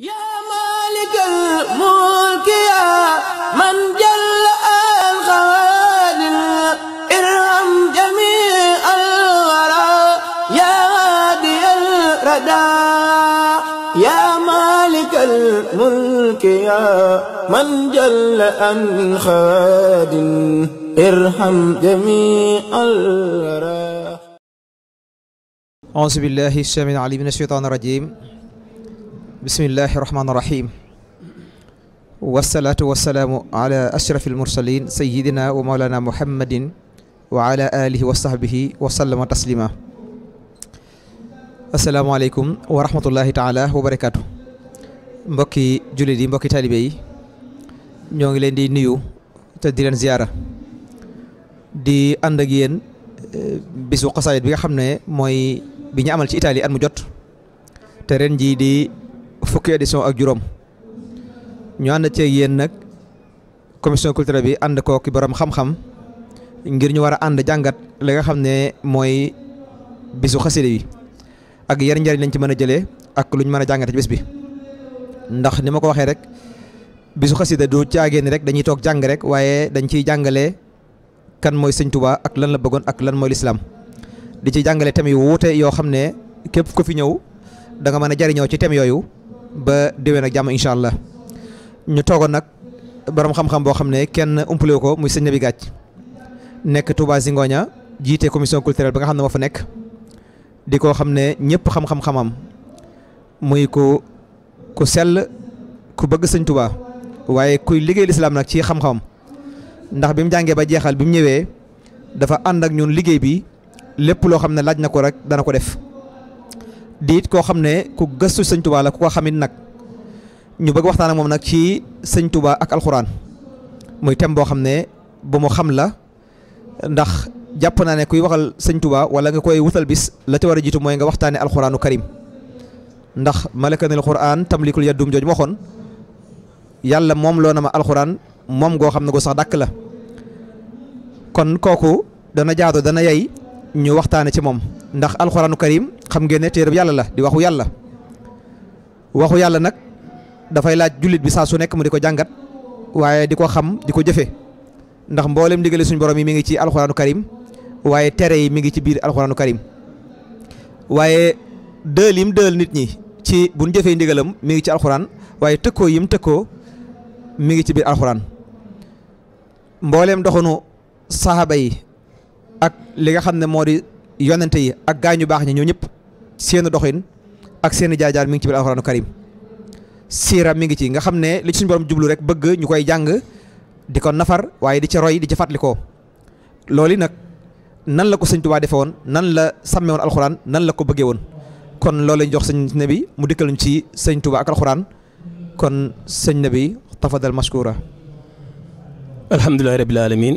yaa maalikal mulki yaa man jàll al xawaadim irham jamii al waraa yaa haadiyal radaa yaa maalikal mulki yaa man jàll al xawaadim irham jamii al waraa. Auzu billaahi samiil aliim mina shaytaani rajiim. bismillahi rahmaani rahim wasalaatu wasalaamu ala ashrafi almursalin sayidina wa maulana muhammadin wa ala wa sahbihi wa sallama taslima asalaamaaleykum wa rahmatullahi taala wa barakaatu mbokki jullit yi mbokki taalibe yi ñoo ngi leen di nuyu te di leen ziyaara di ànd eh, bisu xasaayit bi nga xam ne mooy bi ñu amal ci Italie at mu jot te ren jii di fukki édition ak juróom ñu ànd ceeg yéen nag commission culturelle bi ànd ko ki borom xam-xam ngir ñu war a ànd jàngat li nga xam ne mooy bisu xasida yi ak yar njariñ lañ ci mën a jëlee ak luñ mën a jàngate bis bi ndax ni ma ko waxee rek bisu xasida du caagee ni rek dañuy toog jàng rek waaye dañ ciy jàngalee kan mooy sëñ Tuubaa ak lan la bëggoon ak lan mooy lislaam di ci jàngale thèmes wuute yoo xam ne képp ku fi ñëw da nga mën a jariñoo ci thèmes yooyu ba déwén ak jàmm incha allah ñu toogoon nag boroom xam-xam boo xam ne kenn umpale ko muy sëñ Nabi Gathie nekk Touba ngooña jiite commission culturelle ba nga xam ne moo fa nekk di koo xam ne ñëpp xam-xam xamam muy ku ku sell ku bëgg sëñ Touba waaye kuy liggéey lislaam nag ci xam-xamam ndax bi mu jàngee ba jeexal bi mu ñëwee dafa ànd ak ñun liggéey bi lépp loo xam ne laaj na ko rek dana ko def. diit koo xam ne ku gëstu sëñ la ku ko xamit nag ñu bëgg waxtaan ak moom nag ci sëñ ak alxuraan muy thème boo xam ne bu mu xam la ndax jàpp naa ne kuy waxal sëñ Touba wala nga koy wutal bis la ca war a jiitu mooy nga waxtaanee alxuraanu karim ndax malakanil quraan tamlikul yaddum jooj waxoon yàlla moom loo na ma alxuraan moom goo xam ne gu sax dàkk la kon kooku dana jaado dana yey ñu waxtaane ci moom ndax alxuraanu karim xam ngeen ne téereb yàlla la di waxu yàlla waxu yàlla nag dafay laaj jullit bi saa su nekk mu di ko jàngat waaye di ko xam di ko jëfe ndax mboolem digale suñu borom yi mi ngi ci alxuraanu karim waaye tere yi mi ngi ci biir alxuraanu karim waaye dël yim dël nit ñi ci bu jëfee ndigalam mi ngi ci alxuraan waaye tëkkoo yim tëkkoo mi ngi ci biir alxuraan mbooleem doxanu saxaaba yi ak li nga xam ne moo di yonente yi ak gaa ñu baax ñi ñoo ñëpp seen doxin ak seen jaajaar mi ngi ci biir alxuraanu karim siira mi ngi ci nga xam ne li ci suñu jublu rek bëgg ñu koy jàng di ko nafar waaye di ci roy di ci fàttalikoo loolu nag nan la ko sëñ Tuubaa defe woon nan la sàmme woon alxuraan nan la ko bëggee woon kon loolu lañ jox sëñ nabi mu dikkaluñ ci sëñ Tuubaa ak alxuraan kon sëñ nabi tafadal mashkura alhamdulillahi rabbil alamin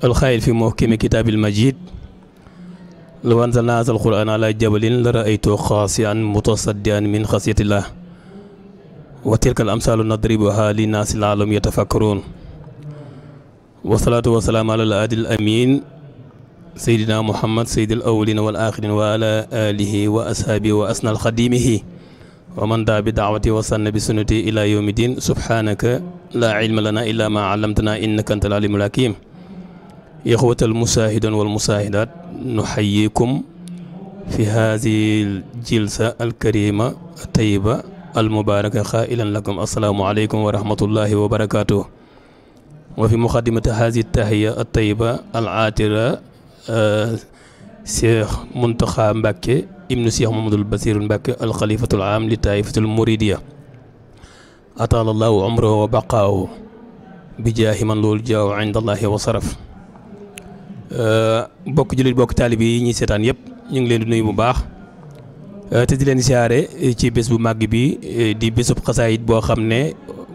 alxaayil fi muhkimi kitaabil majid law anzalna haazal qur'aan ala jabalin la ra'aytu xaasi'an mutasaddian min xasiyatillah wa tilka al amsaalu nadribuha linnaasi la'allahum yatafakkaruun wasalaatu wasalaamu ala al aadil amiin sayyidina muhammad sayyidil awwaliina wal aaxiriin wa ala aalihi wa ashaabihi wa asnal xadiimihi wa man daa bi daawati wa sanna bi sunnati ila yawmi din subhanaka laa ilma lana illa ma allamtana innaka anta alimul hakim ixwatal musaahidoon wal musaahidaat nu xayikum fi haadihi al jilsa al karima tayiba al mubaaraka xaailan lakum assalaamu aleykum wa rahmatullahi wa barakaatuh wa fi muqaddimati haadihi tahiya at tayiba al aatira cheikh muntaxa mbàkke ibnu cheikh mamadul basirul mbàkke alxalifatul am li taifatul muridiya ataalallahu umrahu wa baqaahu bi jaahi man loolu jaaw indallahi euh, bokk jullit bokk ñuy seetaan yëpp ñu ngi leen di nuyu bu baax euh, di leen siyaare ci bés bu màgg bi euh, di bésub xasaayit boo xam ne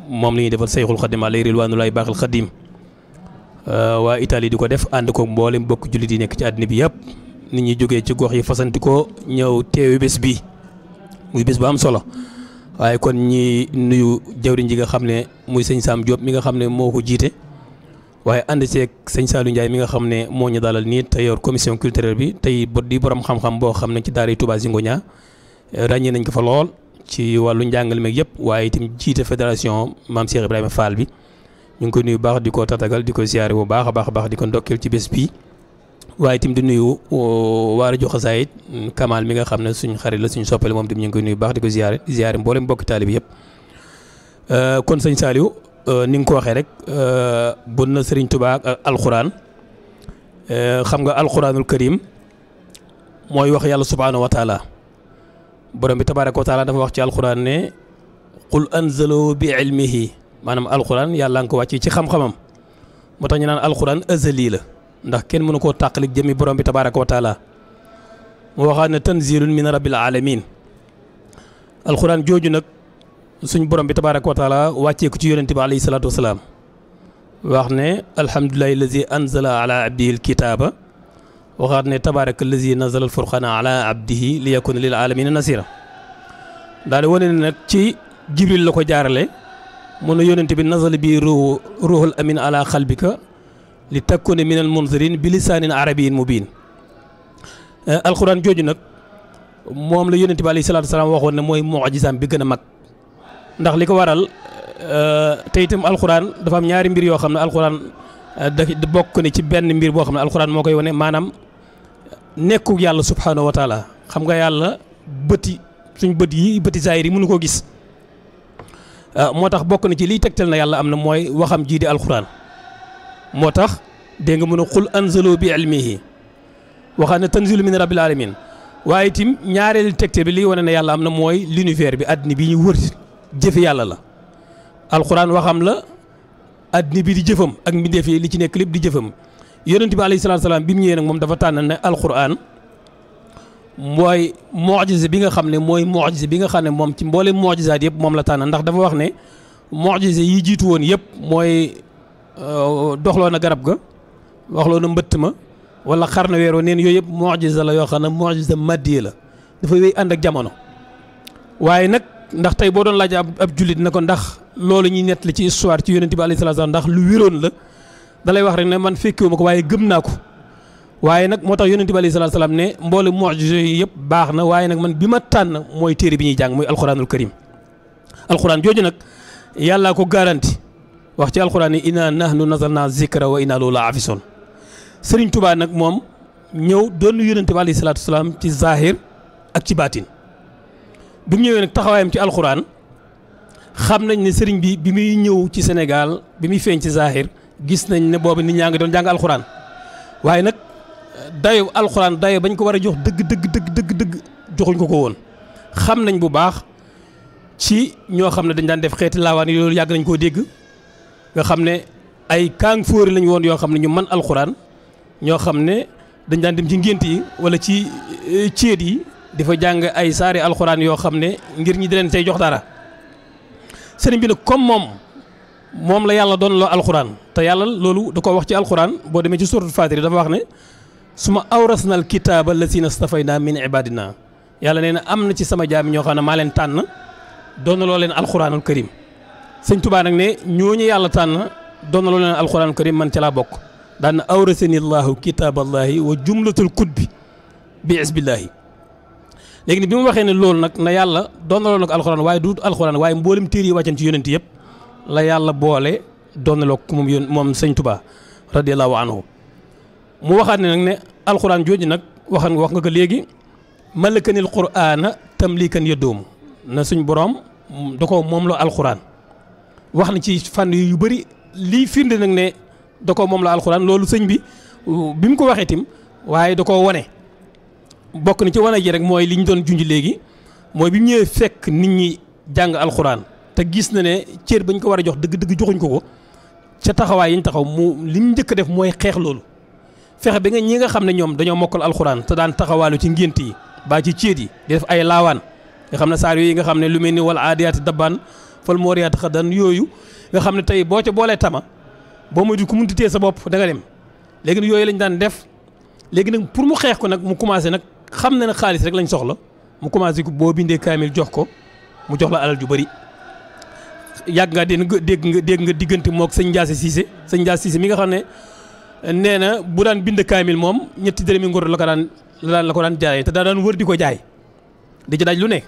moom la ñuy defal sayxul xadim alay waa Italie di ko def ànd ko mboolem bokk jullit yi nekk ci àddina bi yëpp nit ñi jógee ci gox yi fasanti ñëw teewi bés bi muy bés bu am solo waaye kon ñi nuyu jawriñ ji nga xam ne muy sëñ Sam Diop mi nga xam ne moo ko jiite waaye ànd ceeg sëñ Saliou Ndiaye mi nga xam ne moo ñu dalal nii te yor commission culturelle bi tey bot di borom xam-xam boo xam ne ci daara Touba Zingonia ràññee nañ ko fa lool ci wàllu njàngal meeg yëpp waaye itam jiite fédération Mame Cheikh Ibrahima Fall bi ñu ngi ko nuyu baax di ko tatagal di ko ziare bu baax baax a baax di ko ndokkeel ci bés bi waaye itam di nuyu waa rajo xasaayit Kamal mi nga xam ne suñ xarit la suñ soppale moom itam ñu ngi koy nuyu baax di ko ziare ziare mboolem mbokki taalibe yëpp. Euh, kon sëñ Saliou euh, ni nga ko waxee rek euh, bun na sëriñ Touba ak alxuraan xam nga alxuraanul karim mooy wax yàlla subhaanahu wa taala borom bi tabaaraka wa taala dafa wax ci alxuraan ne qul anzalu bi ilmihi maanaam alxuraan yàlla nga ko wàcc ci xam-xamam moo tax ñu naan alxuraan azali la. ndax kenn mënu koo tàqalik jëmi borom bi tabaraka wa taala mu waxaat ne tanzilun min rabbil alamin alxuraan jooju nag suñ borom bi tabaraka wa taala ci yonente bi alayhi salaatu wasalaam wax ne alhamdulilahi allazi anzala ala abdihi alkitaaba waxaat ne tabaraka allazi nazala alfurqana ala abdihi li yakuna lil alamina nasira daal di ne nag ci jibril la ko jaarale mun na yonente bi nazala bi ruuxul amin ala xalbika li takkune min al munzirin bi lisaanin arabiyin mubiin alxuraan jooju nag moom la yonent bi alayhi salaatu salaam waxoon ne mooy moo mucjisaam bi gën a mag ndax li ko waral te itam alxuraan dafa am ñaari mbir yoo xam ne alxuraan da bokk ne ci benn mbir boo xam ne alxuraan moo koy wane maanaam nekku yàlla subhaanahu wa xam nga yàlla bëti suñ bët yi bëti zaahir yi mënu koo gis moo tax bokk na ci liy tegtal na yàlla am na mooy waxam jii di moo tax dégg mën a xul anzalo bi ilmihi waxaat ne tanzilu min rabbil alamin waaye itim ñaareel tegte bi li wane na yàlla am na mooy l'univers bi addina bi ñu wër jëfe yàlla la alxuraan waxam la addina bi di jëfam ak mbindeef yi li ci nekk lépp di jëfam yonent bi alayhi salaatu salaam bi mu ñëwee nag moom dafa tànn ne alxuraan mooy mojise bi nga xam ne mooy mojise bi nga xam ne moom ci mboolem mojisaat yëpp moom la tànn ndax dafa wax ne mojise yi jiitu woon yëpp mooy Euh, doxloo na garab ga waxloo na mbëtt ma wala xar na weeroo neen yooyu yëpp mojisa la yoo xam ne mojisa maddiye la dafa wéy ànd ak jamono waaye nag ndax tey boo doon laaj ab ab jullit na ko ndax loolu ñuy nettali ci histoire ci yonent bi alayhi salaam ndax lu wiroon la dalay wax rek ne man fekkewuma ko waaye gëm naa ko waaye nag moo tax yonent bi alayhi salaam ne mboole mojisa yi yëpp baax na waaye nag man bi ma tànn mooy téere bi ñuy jàng mooy alxuraanul karim alxuraan jooju nag yàllaa ko garanti wax ci alxuraan yi inna nahnu nazalna zikra wa inna lahu laafisoon sëriñ tubaa nag moom ñëw doon yonente bi alayhi salaam wasalaam ci zahir ak ci baatin bi mu ñëwee nag taxawaayam ci alxuraan xam nañ ne sëriñ bi bi muy ñëw ci Sénégal bi muy feeñ ci zahir gis nañ ne boobu nit ñaa ngi doon jàng alxuraan waaye nag dayo alxuraan dayo bañ ko war a jox dëgg dëgg dëgg dëgg joxuñ ko ko woon xam nañ bu baax ci ñoo xam ne dañ daan def xeeti laawaan yi yàgg nañ koo dégg nga xam ne ay kaang fóori lañ woon yoo xam ne ñu man alxuraan ñoo xam ne dañ daan dem ci ngént yi wala ci e, céet yi di fa jàng ay saari alxuraan yoo xam ne ngir ñi di leen tey jox dara sëriñ bi nag comme moom moom la yàlla doon loo alxuraan te yàlla loolu da ko wax ci alxuraan boo demee ci suratul faatiri dafa wax ne su ma awrasnal kitaaba lazina stafayna min ibadina yàlla nee na am na ci sama jaam ñoo xam ne maa leen tànn doon loo leen alxuraanul karim sëñ tubaa nag ne ñooñu yàlla tànn doon na lu leen alxuraan karim man ca laa bokk daan na awrasani llaahu kitaaballahi wa jumlatul kut bi isbillaahi léegi ni bi mu waxee ne loolu nag na yàlla doon na loon ak alxuraan waaye du alxuraan waaye mboolem téere yi wàcceen ci yonent yëpp la yàlla boole doon na loo moom yón moom sëñ tubaa radiallahu anhu mu waxaat ne nag ne alxuraan jooju nag waxan wax nga ko léegi malakanil quraana tamlikan ya doomu na suñ boroom da ko moom alxuraan wax na ci fànn yu bari lii firnde nag ne da ko moom la alxuraan loolu sëñ bi bi mu ko waxee tim waaye da ko wane. bokk na ci wane ji rek mooy li ñu doon junj léegi mooy bi mu ñëwee fekk nit ñi jàng alxuraan te gis na ne cër ba ñu ko war a jox dëgg-dëgg joxuñ ko ko ca taxawaay yi ñu taxaw mu li mu njëkk def mooy xeex loolu. fexe bi nga ñi nga xam ne ñoom dañoo mokkal alxuraan te daan taxawaalu ci ngént yi baa ci céet yi di def ay laawaan nga xam ne saar yooyu nga xam ne lu mel ni wal aadiyaati dabbaan fal mooriyaat xadan yooyu nga xam ne tey boo ca boolee tama boo moytu ku munti téye sa bopp da nga dem léegi nag yooyu lañ daan def léegi nag pour mu xeex ko nag mu commencé nag xam na ne xaalis rek lañ soxla mu commencé ko boo bindee kaamil jox ko mu jox la alal ju bëri yàgg ngaa dégg nga dégg nga diggante moog sëñ Ndiass Cissé sëñ Ndiass Cissé mi nga xam ne nee na bu daan bind kaamil moom ñetti dërëmi ngor la ko daan la ko daan jaayee te daa daan wër di ko jaay di ci lu ne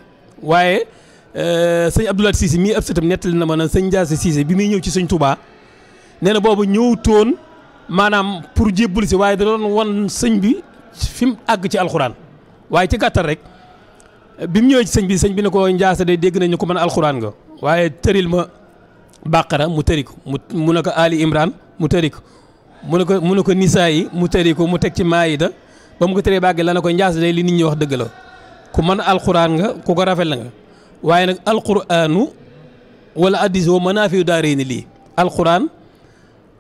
Euh, sëñ Abdoulaye Cissé mii ab sëtam nettali na ma na sëñ Ndiass Cissé bi muy ñëw ci sëñ Touba nee na boobu ñëwutoon maanaam pour jébbal si waaye da doon wan sëñ bi fi mu àgg ci alxuraan waaye ci gàttal rek bi mu ñëwee ci sëñ bi sëñ bi ne ko Ndiass day dégg nañu ko mën alxuraan nga waaye tëril ma bàqara mu tëri ko mu mu ne ko Ali Imran mu tëri ko mu ne ko mu ne ko nissaa yi mu tëri ko mu teg ci Maayida ba mu ko tëree bàggee la ne ko Ndiass day li nit ñi wax dëgg la ku mën alxuraan nga ku rafet la nga. waaye nag alquranu wala addis wa manaafiu daaree ni lii alquran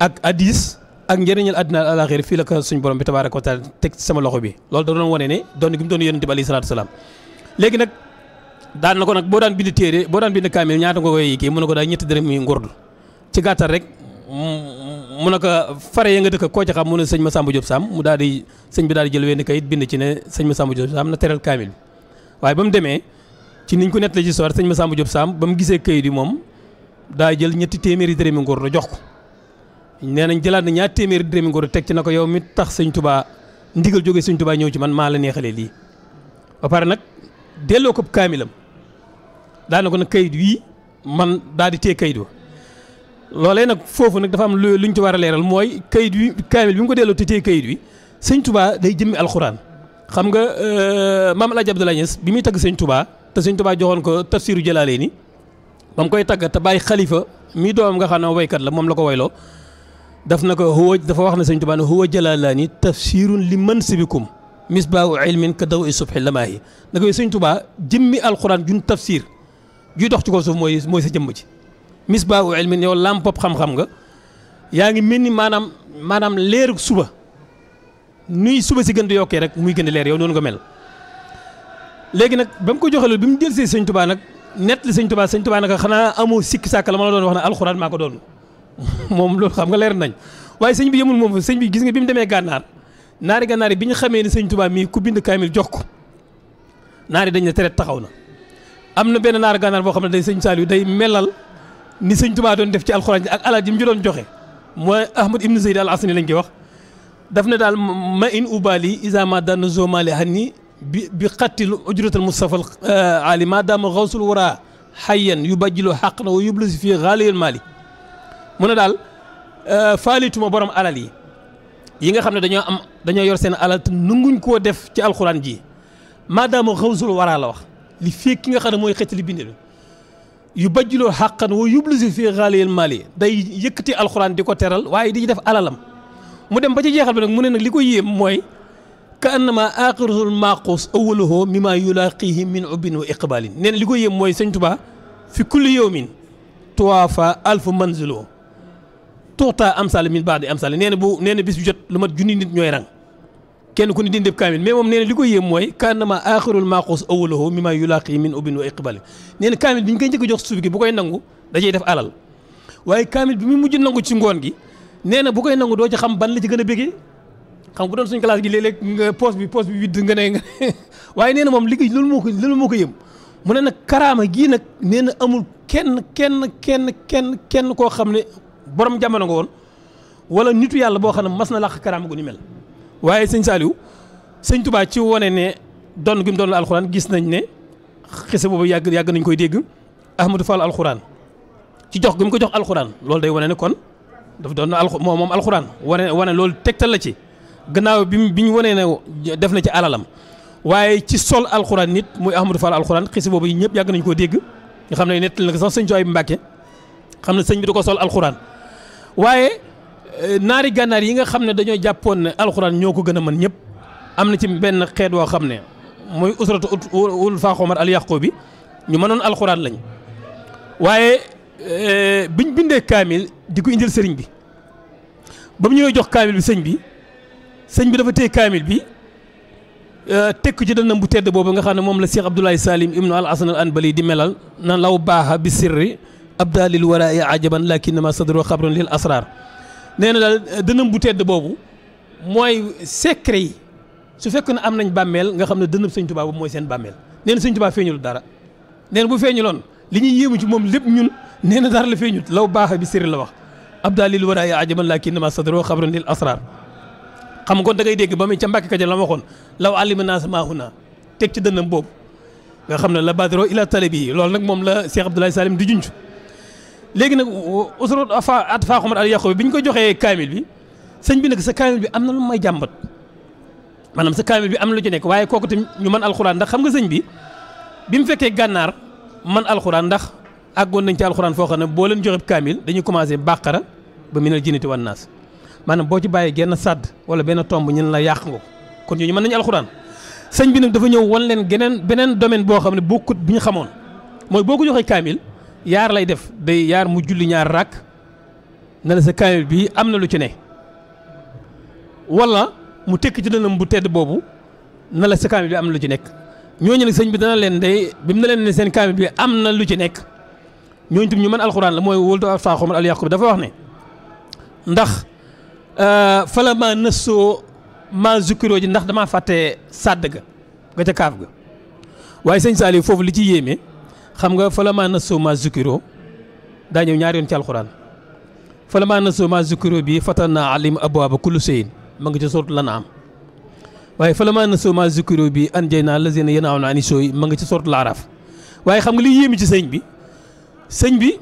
ak addis ak njëriñal àddina alaxir fii la ko suñ borom bi tabaaraka wa taala teg sama loxo bi loolu da doon wane ne doon gi mu doon yonente bi alayhi salaatu salaam léegi nag daan ko nag boo daan bind téere boo daan bind kaamil ñaata nga koy kii mu ne ko daal ñetti dërëm yi ngurdu ci gàttal rek mu ne ko fare ya nga dëkk koo ca xam mu ne sëñ Massamba Diop Sam mu daal di sëñ bi daal di jël kayit bind ci ne sëñ Massamba Diop Sam na teral kaamil waaye ba mu demee ci niñ ko nettalee ci histoire sëñ Massamba Diop Samb ba mu gisee kayit yi moom daa jël ñetti téeméeri dërëmi ngóor la jox ko nee nañ jëlaat na ñaar téeméeri dërëmi ngóor teg ci na ko yow mi tax sañ tubaa ndigal jógee sëñ Touba ñëw ci man maa la neexalee lii. ba pare nag delloo ko kaamilam daana ko nag kayit wi man daa di téye kayit wa loolee nag foofu nag dafa am lu luñ ci war a leeral mooy kayit wi kaamil bi mu ko delloo te tee kayit wi sëñ Touba day jëmmi alxuraan xam nga euh, maam El Hadj Abdoulaye Niass bi muy tagg sëñ te sëñ Tuubaa joxoon ko tafsiru jëlaalee ni ba mu koy tagg te bàyyi xalifa mii doomam nga xam ne la moom la ko wayloo daf na ko huwa dafa wax ne sëñ Tuubaa ne huwa jëlaalaani tafsirun li mansibikum misbaahu ilmin ka daw i subhi lamaahi na koy sëñ Tuubaa jëmmi alxuraan jun tafsir juy dox ci kaw suuf mooy mooy sa jëmm ci misbaahu ilmin yow làmpop xam-xam nga yaa ngi mel ni maanaam maanaam leerug suba nuy suba si gën di yokkee rek muy leer yow noonu nga mel léegi nag ba mu ko joxe loolu bi mu jëlsee sëñ tubaa nag nett li sëñ tubaa sëñ tubaa nag xanaa amoo sikki sàkk la ma la doon wax ne alxuraan maa ko doon moom loolu xam nga leer nañ waaye sëñ bi yemul moom sëñ bi gis nga bi mu demee gànnaar naari gànnaar bi ñu xamee ne sëñ tubaa mii ku bind kaamil jox ko naari dañ ne tereet taxaw na am na benn naari gànnaar boo xam ne day sëñ Saliou day melal ni sëñ tubaa doon def ci alxuraan ji ak alaaj ji joxe mooy ahmad ibnu zeyd al asani lañ koy wax daf ne daal ma in ubali isa ma dana zomali hanni bi bi xattil ujratal Mustafa eh, Ali a xawsul wara xayyan yu bajjiloo xaq na wa yublisi fii maali mu ne daal eh, faalituma borom alal yi yi nga xam ne dañoo am dañoo yor seen alal te nanguñ koo def ci alxuraan ji maadaama xawsul wara la wax li fekk ki nga xam ne mooy xëcc li bind bi yu bajjiloo xaqan wa yublisi fii xaaliyal maali day yëkkati alxuraan di ko teral waaye di def alalam mu dem ba jeexal bi nag mu ne nag li ko yéem mooy. ka annama aaxiruhul maaquus awaluhu mimma yulaaqihi min ubbin wa iqbalin nee na li ko yëm mooy sëñ Tuubaa fi kulli yawmin tuwaafa alfu manzilo tuuta amsal min baadi amsal nee na bu nee na bis bu jot lu mat junni nit ñooy rang kenn ku ne dindeb kaamil mais moom nee na li ko yéem mooy ka annama aaxirul maaquus awaluhu mimma yulaaqihi min ubbin wa iqbalin nee na kaamil bi ñu koy njëkk a jox suuf gi bu koy nangu dajey def alal waaye kaamil bi mu mujj nangu ci ngoon gi nee na bu koy nangu doo ci xam ban la ci gën a bégee xam bu doon suñ classe gi léeg-léeg nga bi poste bi widd nga ne waaye nee na moom liggéey loolu moo ko loolu moo ko yëm mu ne nag karaama gii nag nee na amul kenn kenn kenn kenn kenn koo xam ne borom jamono nga woon wala nitu yàlla boo xam ne mas na làq karaama gu ni mel waaye sëñ Saliou sëñ Touba ci wane ne doon gi mu doon alxuraan gis nañ ne xise boobu yàgg yàgg nañu koy dégg Ahmadou Fall alxuraan ci jox gi mu ko jox alxuraan loolu day wane ne kon daf doon na alxu moom moom alxuraan wane wane loolu tegtal la ci. gannaaw bi bi ñu wanee ne def na ci alalam waaye ci sol alxuraan nit muy Ahmadou Fall alxuraan xisi boobu ñëpp yàgg nañu ko dégg nga xam ne nettali na sax sëñ Coy bi Mbàkke xam ne sëñ bi da ko sol alxuraan waaye euh, naari gànnaar yi nga xam ne dañoo jàppoon ne alxuraan ñoo ko gën a mën ñëpp am na ci benn xeet woo xam ne mooy usratu ul faaxoomar al yàqoo bi ñu mënoon alxuraan lañ waaye euh, biñ bindee kaamil di ko indil sëriñ bi ba mu ñëwee jox kaamil sëñ bi sëñ bi dafa téye kaamil bi euh, tekk ci dënnam bu tedd boobu nga xam ne moom la Cheikh Abdoulaye Salim ibnu al Hasan al Anbali di melal nan law baaxa bi sirri abdalil waraai ajaban lakinnama sadro xabron lil asrar nee na daal dënnam bu tedd boobu mooy secret yi su fekkoon ne am nañ bàmmeel nga xam ne dënnam sëñ Tuubaa boobu mooy seen bàmmeel nee na sëñ Tuubaa feeñul dara nee na bu feeñuloon li ñuy yéemu ci moom lépp ñun nee na dara la feeñut law baaxa bi sirri la wax abdalil waraai ajaban lakinnama sadro xabron lil asrar xam nga kon da ngay dégg ba muy ca Mbàkke Kajoor la ma waxoon law alima naas maahuna teg ci dënnam boobu nga xam ne la badro ila talibi loolu nag moom la Cheikh Abdoulaye Salim di junj léegi nag usrat at faaxumat al yaqub bi ñu ko joxee kaamil bi sëñ bi nag sa kaamil bi am na lu may jàmbat maanaam sa kaamil bi am na lu ci nekk waaye kooku tam ñu mën alxuraan ndax xam nga sëñ bi bi mu fekkee gànnaar man alxuraan ndax àggoon nañ ci alxuraan foo xam ne boo leen joxe kaamil dañuy commencé bàqara ba minal jinnati wan naas maanaam boo ci bàyyi genn sàdd wala benn tomb ñun la yàq nga ko kon ñooñu mën nañu alxuraan sëñ bi nag dafa ñëw wan leen geneen beneen domaine boo xam ne bokkut bi ñu xamoon mooy boo ko joxee kaamil yaar lay def day yaar mu julli ñaar ràkk na la sa kaamil bii am na lu ci ne walla mu tekki ci dënam bu tedd boobu na la sa kaamil bi am na lu ci nekk ñooñu nag sëñ bi dana leen day bi mu na leen seen kaamil bi am na lu ci nekk ñooñu tam ñu mën alxuraan la mooy wóolu do a faaxomal al yàqub dafa wax ne ndax Euh, fala ma nëssoo ma zukkiroo ji ndax damaa fàtte sàdd ga nga ca kaaf ga waaye sëñ Saliou foofu li ci yéeme xam nga fala ma nëssoo ma daa ñëw ñaar yoon ci alxuraan fala ma nëssoo ma zukkiroo bi fatana alim abwaaba kullu seyin ma nga ca sootu lana am waaye fala ma nëssoo ma zukkiroo bi an jay naa lazina yanaaw naa ani sooy ma nga ca sootu laaraaf waaye xam nga li yéeme ci sëñ bi sëñ bi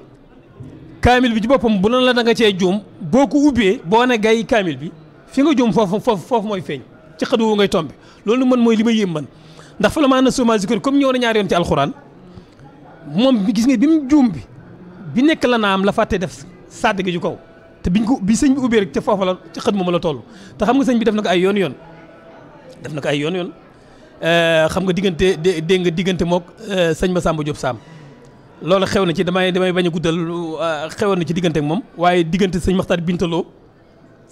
kaamil bi ci boppam bu noonu la da nga cee juum boo ko ubbee boo ne gay kaamil bi fi nga juum foofu foofu foofu mooy feeñ ci xadu ngay tombe loolu mën mooy li ma yéem man ndax fa la maa na suma zikr comme ñëw na ñaari yoon ci alxuraan moom gis nga bi mu juum bi bi nekk la am la fàtte def sàdd gi ju kaw te biñ ko bi sëñ bi ubbee rek te foofu la ci xët moom la toll te xam nga sëñ bi def na ko ay yoon yoon def na ko ay yoon yoon euh, xam nga diggante dégg nga diggante mook euh, sëñ Masamba Diop Samb loolu xew na ci damay damay bañ a guddal euh, xewoon na ci diggante moom waaye diggante sëñ Maxtar Bintaloo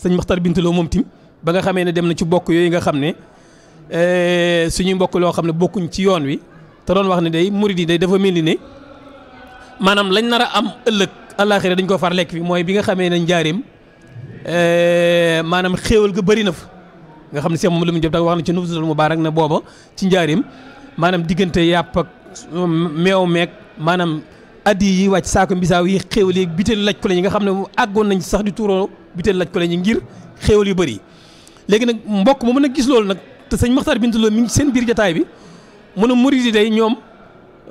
sëñ Maxtar Bintaloo moom tim ba nga xamee ne dem na ci bokk yooyu nga xam ne euh, suñuy mbokk loo xam ne bokkuñ ci yoon wi te doon wax na day murid yi day dafa mel ni ne maanaam lañ nar a am ëllëg àllaaxira dañ ko far lekk fi mooy bi nga xamee ne njaareem euh, maanaam xéewal ga bëri na fa nga xam ne si moom la mu jëm wax na ci Nubdatul Mubaarak ne booba ci njaareem maanaam diggante yàpp ak meew meek maanaam addi yi wàcc saako mbisaaw yi xéewal yi bitéel laj ko la ñi nga xam ne àggoon nañ sax di tuuroo bitéel laj ko la ñi ngir xéewal yu bëri léegi nag mbokk moomu nag gis loolu nag te sañ Maxtaar Bintu Lo mi ngi seen biir jataay bi mu ne murid yi day ñoom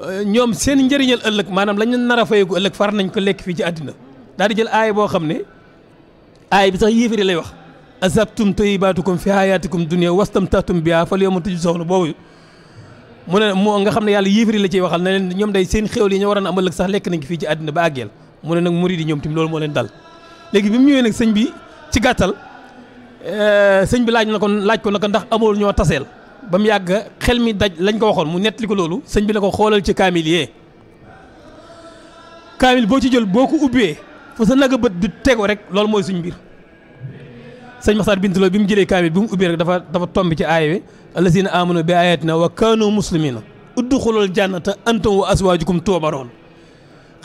euh, ñoom seen njëriñal ëllëg maanaam lañ nar a fayeeku ëllëg far nañ ko lekk fii ci àddina daal di jël aay boo xam ne aay bi sax yéefari lay wax azabtum tayibaatukum fi hayaatikum dunia wastamtahtum biha fal yawma tujzawna boobu mu ne moo nga xam ne yàlla yéefari la ciy waxal na leen ñoom day seen xéwal yi ñu waroon amal sax lekk nañ ko fii ci àddina ba àggeel mu ne nag murid yi ñoom tim loolu moo leen dal léegi bi mu ñëwee nag sëñ bi ci gàttal euh, sëñ bi laaj na ko laaj ko na ko ndax amul ñoo taseel ba mu yàgg xel mi daj lañ ko waxoon mu nettali ko loolu sëñ bi na ko xoolal ci kaamil yee kaamil boo ci jël boo ko ubbee fu sa nag a bët di tego rek loolu mooy suñ mbir sëñ bind Bintaloo bi mu jëlee kaamil bi mu ubbi rek dafa dafa tomb ci aaya bi allazina amanu bi ayatina wa kaanu muslimina udduxulul jannata antum wa aswaajukum tuubaroon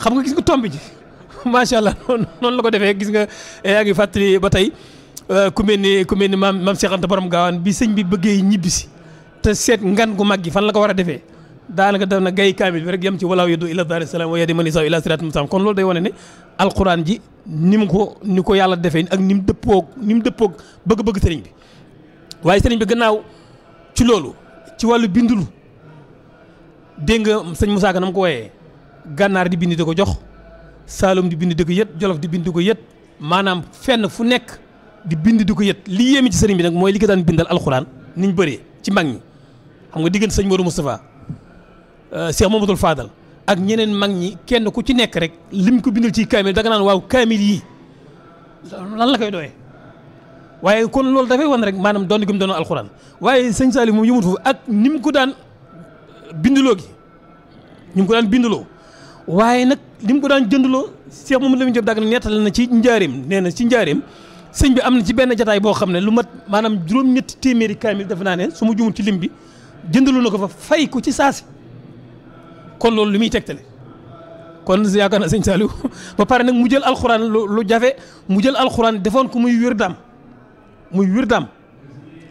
xam nga gis nga tomb ji macha allah noonu la ko defee gis nga eh, yaa ngi fàttali ba tey eh, ku mel ni ku mel ni maam maam Seex borom gaawaan bi sëñ bi bëggee ñibbisi te seet ngan gu mag gi fan la ko war a defee daanaka def na gay kaamil bi rek yem ci walaaw yuddu ila daari salaam wa yadi man isaw ila siraat mustaqiim kon loolu day wane ne alquran ji ni ko ni ko yàlla defee ak ni mu dëppoog ni dëppoog bëgg-bëgg sëriñ bi waaye sëriñ bi gannaaw ci loolu ci wàllu bindulu dégg nga sëñ Moussa Ka ko wooyee gànnaar di bind di ko jox Saalum di bind di ko yët Jolof di bind di ko yët maanaam fenn fu nekk di bind di ko yët li yéemi ci sëriñ bi nag mooy li ko daan bindal alxuraan niñ bëree ci mag ñi xam nga diggante sëñ Modou Euh, Cheikh Mamadou Fadal ak ñeneen mag ñi kenn ku ci nekk rek lim ko bindal ci kaamil da nga naan waaw kaamil yi lan la koy doyee waaye kon loolu dafay wan rek maanaam doon gi mu doon alxuraan waaye sëñ Saliou moom yëmut foofu ak ni ko daan binduloo ki ni mu ko daan binduloo waaye nag ni ko daan jënduloo Cheikh Mamadou Lamine Diop dagg na nettali na ci njaareem nee na ci njaareem sëñ bi am na ci benn jataay boo xam ne lu mat maanaam juróom-ñetti téeméeri kaamil def naa ne su ma ci lim bi jëndalu ko fa fay ko ci saasi kon loolu li muy tegtale kon yaakaar na sëñ Saliou ba pare nag mu jël alxuraan lu jafe mu jël alxuraan defoon ko muy wirdaam muy wirdaam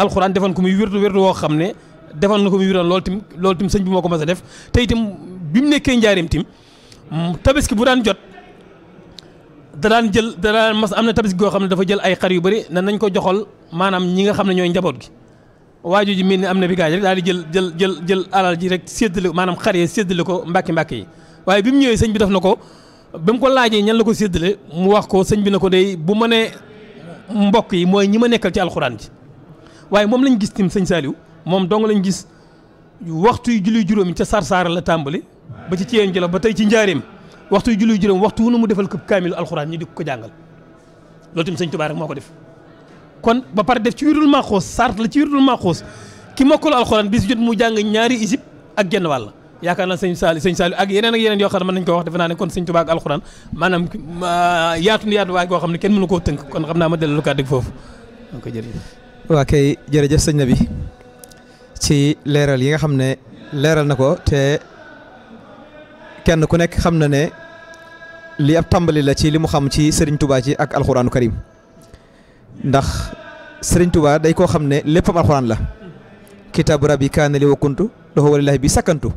alxuraan defoon ko muy wirdu wirdu woo xam ne defoon na ko muy wirdaam loolu loolu tim sëñ bi moo ko mas a def te itam bi mu nekkee njaareem tim mm, tabaski bu daan jot da daan jël da daan mas am na tabaski goo xam ne dafa jël ay xar yu bari nan nañ ko joxol maanaam ñi nga xam ne ñooy njaboot gi. waaju ji mel ni am na bi gaaj rek daal di jël jël jël jël alal ji rek séddale maanaam xar yi séddale ko mbàkki mbàkki yi waaye bi mu ñëwee sëñ bi daf na ko ba mu ko laajee ñan la ko séddale mu wax ko sëñ bi ne ko dey bu ma nee mbokk yi mooy ñi ma nekkal ci alxuraan ji waaye moom lañ gis tim sëñ Saliou moom dong lañu gis waxtu yu juróom juróomi ca Sarsara la tàmbali ba ci Thiène Jolof ba tey ci njaareem waxtu yu julli juróom waxtu wu nu mu defal këpp kaamilu alxuraan ñu di ko jàngal loolu sëñ Tuubaa rek moo ko def kon ba pare def ci wirdul maaxoos sart la ci wirdul maaxoos ki mokkul alxuraan bis jot mu jàng ñaari isib ak genn wàll la yaakaar naa sëñ Saali sëñ Saali ak yeneen ak yeneen yoo xam ne mën nañu ko wax defe naa ne kon sëñ Tuubaa ak alxuraan maanaam yaatu yaatu waay goo xam ne kenn mënu koo tënk kon xam naa ma dellu kàddu foofu donc jërëjëf. waa kay jërëjëf sëñ Nabi ci leeral yi nga xam ne leeral na ko te kenn ku nekk xam na ne li ab la ci li mu xam ci sëriñ Tuubaa ci ak alxuraanu karim ndax Serigne Touba day koo xam ne léppam alxuraan la kitaabu rabbi kaana li wa kuntu doxu bi sakkantu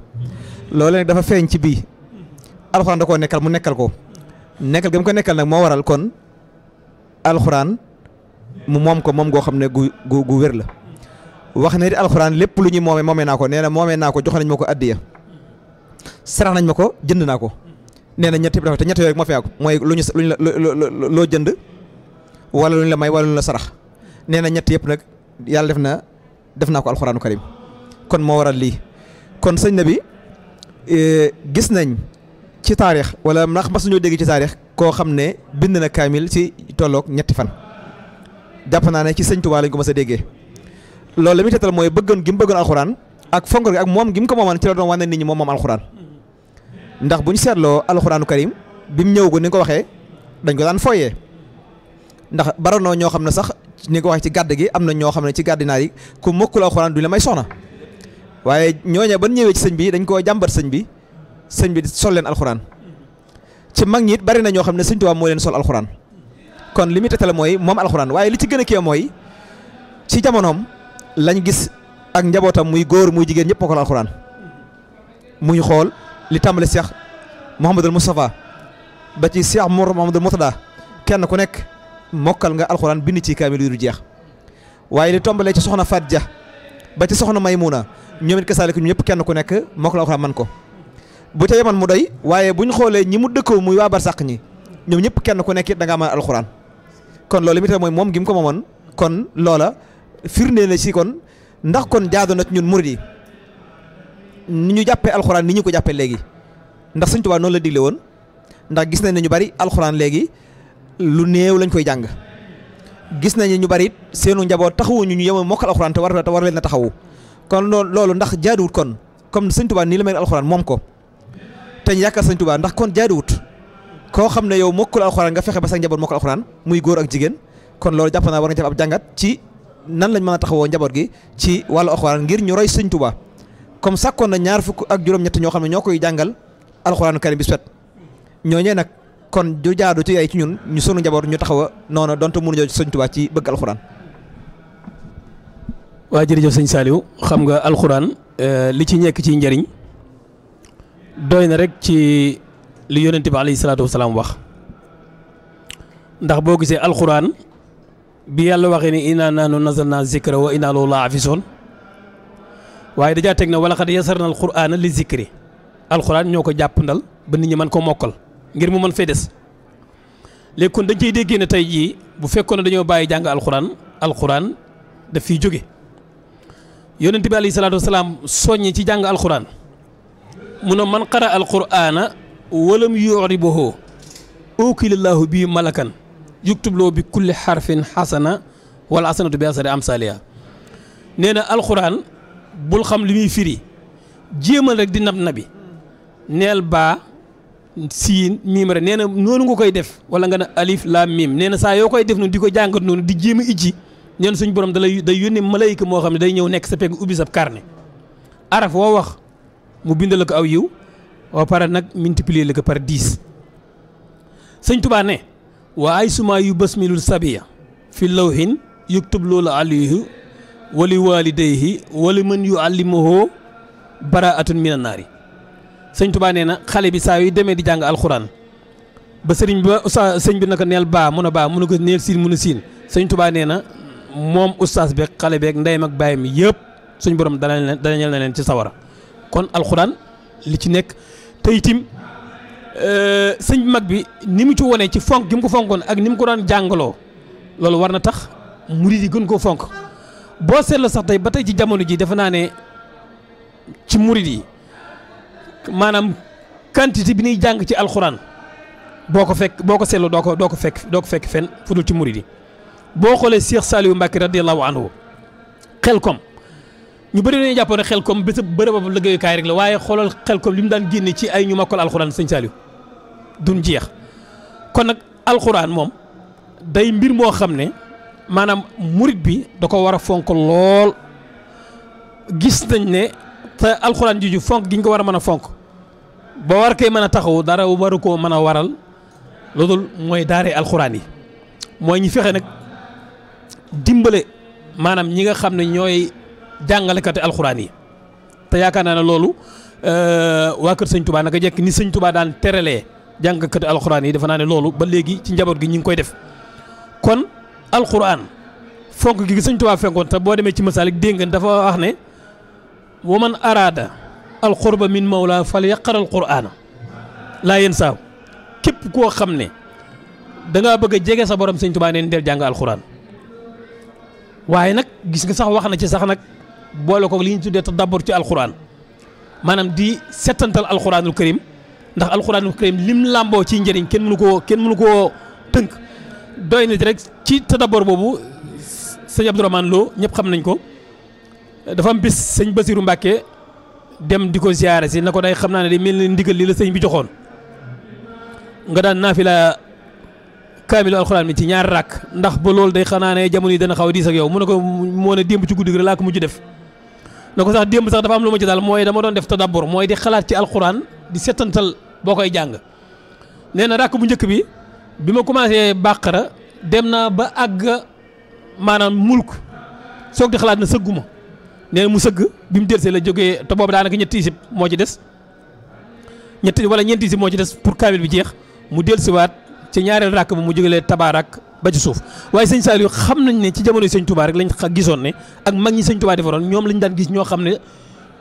loolu nag dafa feeñ ci bii alxuraan da koo nekkal mu nekkal ko nekkal ga ko nekkal nag moo waral kon alxuraan mu moom ko moom goo xam ne gu gu gu wér la wax na di alxuraan lépp lu ñuy moomee moomee naa ko nee na moomee naa ko jox nañ ma ko addiya sarax nañ ma ko jënd naa ko nee na ñett bi dafa te ñett yooyu moo fi ak mooy lu ñu loo jënd wala luñ la may wala luñ la sarax nee na ñett yëpp nag yàlla def na def naa ko alxuraanu karim kon moo waral lii kon sëñ na bi e, gis nañ ci taarix wala ma mas nañoo dégg ci taarix koo xam ne bind na kaamil ci tolloog ñetti fan jàpp naa ne ci sëñ Tuubaa lañ ko mas a déggee loolu la muy tetal mooy bëggoon gi mu bëggoon alxuraan ak fonk gi ak moom gi mu ko mooman ci la doon wane nit ñi moom moom alxuraan ndax bu ñu seetloo alxuraanu karim bi mu ñëw ko ni ko waxee dañ ko daan fooyee ndax baranoo ñoo xam ne sax ni ko waxee ci gàdd gi am na ñoo xam ne ci gàddinaar yi ku mokkul alxuraan du la may soxna waaye ñooña ban ñëwee ci sëñ bi dañ koo jàmbat sëñ bi sëñ bi sol leen alxuraan ci mag ñi it bari na ñoo xam ne sëñ Tuubaa moo leen sol alxuraan kon li muy tegtale mooy moom alxuraan waaye li ci gën a kii mooy ci jamonoom lañ gis ak njabootam muy góor muy jigéen ñëpp mokkal alxuraan muy xool li tàmbale Cheikh Mouhamadul Moustapha ba ci Cheikh Mour Mouhamadul Moutada kenn ku nekk. mokkal nga alxuraan bind ci kaamil yu du jeex waaye li tombalee ci soxna Faat Ja ba ci soxna may Maymuna ñoom it kasaalik ñu ñëpp kenn ku nekk mokkal alxuraan man ko bu ca yeman mu doy waaye bu ñu xoolee ñi mu dëkkoo muy waa barsàq ñi ñoom ñëpp kenn ku nekk it da ngaa mën alxuraan kon loolu itam mooy moom gi mu ko moomoon kon loola firndee na ci kon ndax kon jaadu na ñun murid yi ni ñu jàppee alxuraan ni ñu ko jàppee léegi ndax suñ Tuubaa noonu la woon ndax gis nañ ne ñu bari alxuraan léegi lu néew lañ koy jàng gis nañu ñu bari it seenu njaboot taxawuñu ñu yemoon mokkal alxuraan te war a war leen a taxawu kon loolu loolu ndax jaaduwut kon comme sëñ Tuubaa nii la mel alxuraan moom ko te ñu yàkkal sëñ Tuubaa ndax kon jaaduwut koo xam ne yow mokkul alxuraan nga fexe ba sa njaboot mokkal alxuraan muy góor ak jigéen kon loolu jàpp naa war nga def ab jàngat ci nan lañ mën a taxawoo njaboot gi ci wàllu alxuraan ngir ñu roy sëñ Tuubaa comme sàkkoon na ñaar fukk ak juróom-ñett ñoo xam ne ñoo koy jàngal alxuraanu karim kon ju jaadu ci ay ci ñun ñu sunu njaboot ñu taxaw a noonu donte mënuñoo sëñ Tuubaa ci bëgg alxuraan. waa jërëjëf sëñ saaliw xam nga alxuraan euh, li ci nekk ci njariñ doy na rek ci li yonent bi alayhi salaatu wasalaam wax ndax boo gisee alxuraan bi yàlla waxee ni inna nahnu nazzalna zikra wa inna lahu laafisoon waaye dajaa teg na wala xad yasarna alxuraana li zikri alxuraan ñoo ko jàppandal ba nit ñi mën ko mokkal. ngir mu mën fee des léegi kon dañ cey déggee ne tey jii bu fekkoon ne dañoo bàyyi jàng alxuraan alxuraan daf jóge yonent bi alayhi salaatu ci jàng alxuraan mu ne man qara alquraana walam yuribuhu ukilillahu bi malakan yuktubloo bi kulli xarfin xasana wala asanatu bi asari amsaliya nee na alxuraan bul xam li muy firi jéemal rek di nab nabi neel baa siin miim rek nee na noonu nga koy def wala nga ne alif laam miim nee na saa yoo koy def noonu di ko jàngat noonu di jéem a ijji nee na suñ borom dalay day yónni malayka moo xam ne day ñëw nekk sa pegg ubbi sa carnet araf woo wax mu bindal ko aw yiw waa pare nag multiplier la ko par diis sëñ Tuubaa ne waa ay suma yu basmilul sabiya fi lawhin yuktub loolu alayhi wali walidayhi wali man yu allimahu baraatun mina naari sëñ Tuubaa nee na xale bi saa yuy demee di jàng alxuraan ba sëriñ ba oustaz sëñ bi naka neel baa mun a baa mun a ko neel siin mun siin sëñ Tuubaa nee na moom oustaz beeg xale beeg ndeyam ak baayam yëpp suñ borom danañ leen danañal na leen ci sawara kon alxuraan li ci nekk tey tim euh, sëñ bi mag bi ni mu ci wone ci fonk gi mu ko fonkoon ak ni mu ko daan jàngaloo loolu war na tax murid yi gën koo fonk boo seetloo sax tey ba tey ci jamono ji defe naa ne ci murid yi. maanaam quantité bi ñuy jàng ci alxuraan boo ko fekk boo ko seetloo doo ko doo ko fekk doo ko fekk fen fu dul ci murid yi boo xoolee Cheikh Saliou Mbacke radiyallahu anhu xel kom ñu bëri dañuy jàppoon ne xel kom bés bërëb liggéeyukaay rek la waaye xoolal xel kom li mu daan génne ci ay ñu makkal alxuraan sëñ Saliou duñ jeex kon nag alxuraan moom day mbir moo xam ne maanaam murid bi da ko war a fonk lool gis nañ ne te alxuraan juju fonk gi ñu ko war a mën a fonk. ba war koy mën a taxaw dara waru koo mën a waral loolu mooy daare alxuraan yi mooy ñu fexe nag dimbale maanaam ñi nga xam ne ñooy jàngalekati alxuraan yi te yaakaar naa ne loolu euh, waa kër sëñ Touba naka jekk ni sëñ Touba daan terelee jàngkati alxuraan yi dafa naa ne loolu ba léegi ci njaboot gi ñu ngi koy def kon alxuraan fonk gi sëñ Touba fenkoon te boo demee ci masaalik dégg nga dafa wax ne waman araada alxurba min mawla fal yaqara alquraana laa yéen saaw képp koo xam ne dangaa bëgg a jege sa borom sëñ Tuubaa neen del jàng alxuraan waaye nag gis nga sax wax na ci sax nag boole ko li ñu tuddee tadabbur ci alxuraan maanaam di setantal alxuraanul karim ndax alxuraanul karim lim làmboo ci njariñ kenn mënu koo kenn mënu koo tënk doy na rek ci tadabbur boobu sëñ Abdourahmane Lo ñëpp xam nañ ko dafa am bis sëñ Basiru Mbàkke dem di ko ziyaare si na ko day xam naa ne day mel ni ndigal li la sëñ bi joxoon nga daan naafila kaamilu alxuraan bi ci ñaari ràkk ndax ba loolu day xanaa ne jamono yi dana xaw a diis yow mu na ko moo ne démb ci guddi gi laa ko mujj def na ko sax démb sax dafa am lu ma ci daal mooy dama doon def tadabbur mooy di xalaat ci alxuraan di setantal boo koy jàng nee na rakk bu njëkk bi bi ma commencé bàqara dem naa ba àgg maanaam mulk soog di xalaat na sëgguma nee mu sëgg bi mu déllusee la jógee te boobu daanaka ñetti isib moo ci des ñetti wala ñeenti isib moo ci des pour kaamil bi jeex mu dellusiwaat ci ñaareel rakk ba mu jógelee tabaarak ba ci suuf waaye sëñ Saliou xam nañ ne ci jamonoy sëñ Touba rek lañ gisoon ne ak mag ñi sëñ Touba defaroon ñoom lañu daan gis ñoo xam ne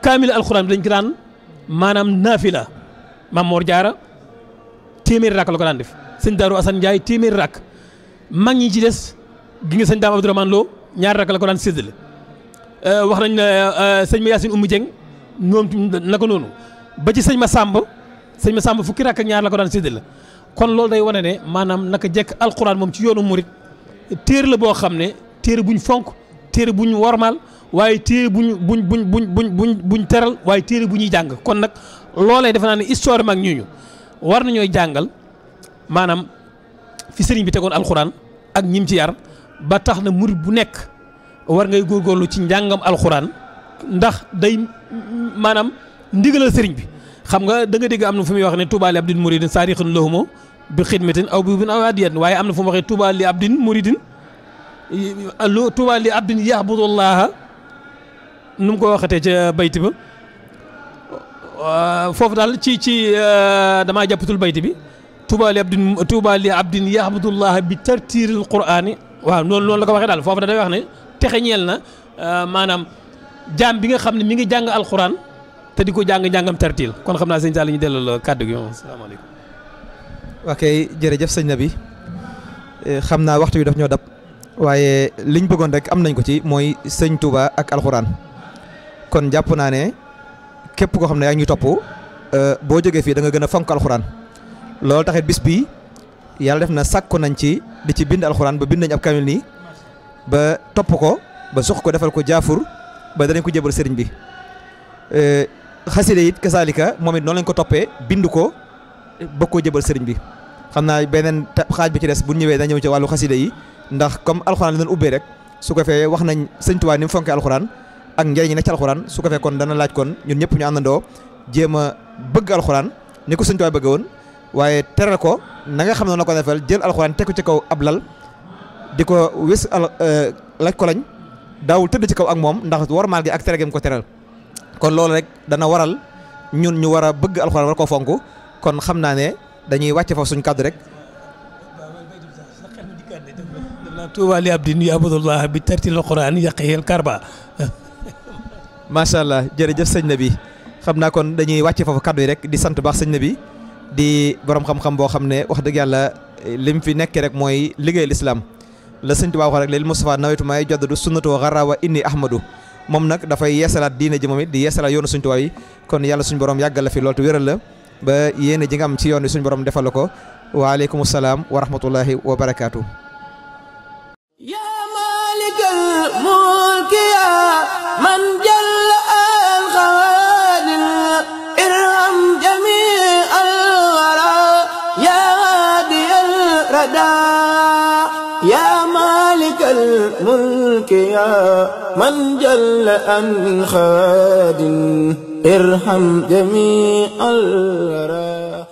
kaamil alxuraan bi lañ ko daan maanaam naafila Maam Mor Jaara téeméeri rakk la ko daan def sëñ Daaru Assane Ndiaye téeméeri rakk mag ñi ci des gi nga sëñ Daam Abdourahmane Lo ñaar rakk la ko daan séddale Euh, wax nañ ne euh, sëñ ma Yacine Oumy Dieng ñoom naka noonu ba ci sëñ ma Samba sëñ ma Samba fukki rakk ak ñaar la ko daan la kon loolu day wane ne maanaam naka jekk alxuraan moom ci yoonu murit téere la boo xam ne téere buñ fonk téere buñ wormaal waaye téere buñ buñ buñ buñ buñ buñ buñ teral waaye téere bu ñuy jàng kon nag loolee defe naa ne histoire mag ñu ñu war nañooy jàngal maanaam fi sëriñ bi tegoon alxuraan ak ñim ci yar ba tax na murit bu nekk. war ngay góorgóorlu ci njàngam alxuraan ndax day maanaam ndigalal sëriñ bi xam nga danga dégg am na fu muy wax ne Touba li abdin muridin saarixin lahumo bi xidmatin aw bi bin aw am na fu mu waxee Touba li abdin muridin lu Touba li abdin yaxbudullaha nu mu ko waxatee ca bayti ba foofu daal ci ci euh, damaa jàppatul bayti bi Touba li abdin Touba li abdin yaxbudullaha bi tartiiril quraani waaw noonu noonu la waxee daal foofu da day wax ne texe ñeel na euh, maanaam jaam bi nga xam ne mu ngi jàng alxuraan te di ko jàng jàngam tartiil kon xam naa sëñ Sall ñu delloo la kàddu gi moom asalaamaaleykum. ok jërëjëf sëñ bi eh, xam naa waxtu bi daf ñoo dab waaye liñ bëggoon rek am nañ ko ci mooy sëñ Touba ak alxuraan kon jàpp naa ne képp koo xam ne yaa ngi ñu topp euh, boo jógee fii da nga gën a fonk alxuraan loolu taxit bis bi yàlla def na sàkku nañ ci di ci bind alxuraan ba bind nañ ab kamil nii. ba topp ko ba suq ko defal ko jaafur ba dana ko jëbal sëriñ bi e, xaside it kasaalika moom it noonu lañ ko toppee bind ko bëgg ko jëbal sëriñ bi xam naa beneen xaaj bi ci des bu ñëwee da ñëw ci wàllu xaside yi ndax comme alxuraan la doon ubbee rek su ko fee wax nañ sëñ Tuubaa ni mu fonkee alxuraan ak njëriñ nekk ci alxuraan su ko fee kon dana laaj kon ñun ñëpp ñu àndandoo jéem a bëgg alxuraan ni ko sëñ Tuubaa bëgg woon waaye teral ko na nga xam ne na ko defal jël alxuraan ko ci kaw ab lal di ko wis al eh, laj ko lañ daawul tëdd ci kaw ak moom ndax warmaal gi ak tere gi ko teral kon loolu rek dana waral ñun ñu war a bëgg alxuraan war koo fonk kon xam naa ne dañuy wàcc foofu suñu kàddu rek. tuuba li abdin yabudullah bi tartil alquran yaqihil karba macha allah jërëjëf sëñ na bi xam naa kon dañuy wàcce foofu kàddu yi rek di sant baax sañ na bi di borom xam-xam boo xam ne wax dëgg yàlla eh, lim fi nekk rek mooy liggéey liggéeyal islam la sëñ Tuubaa wax rek lil Mustafa nawetu may joddadu inni ahmadu moom nag dafay yeesalaat diine ji moom it di yeesalaat yoonu suñ tubaab yi kon yàlla suñ borom yàggal la fi loolu te wéral la ba yéene ji am ci yoon wi suñ borom defal la ko waaleykum salaam wa rahmatullahi wa barakaatu. ya malikal mulki ya man jal بك يا من جل أن خاد ارحم جميع الرحم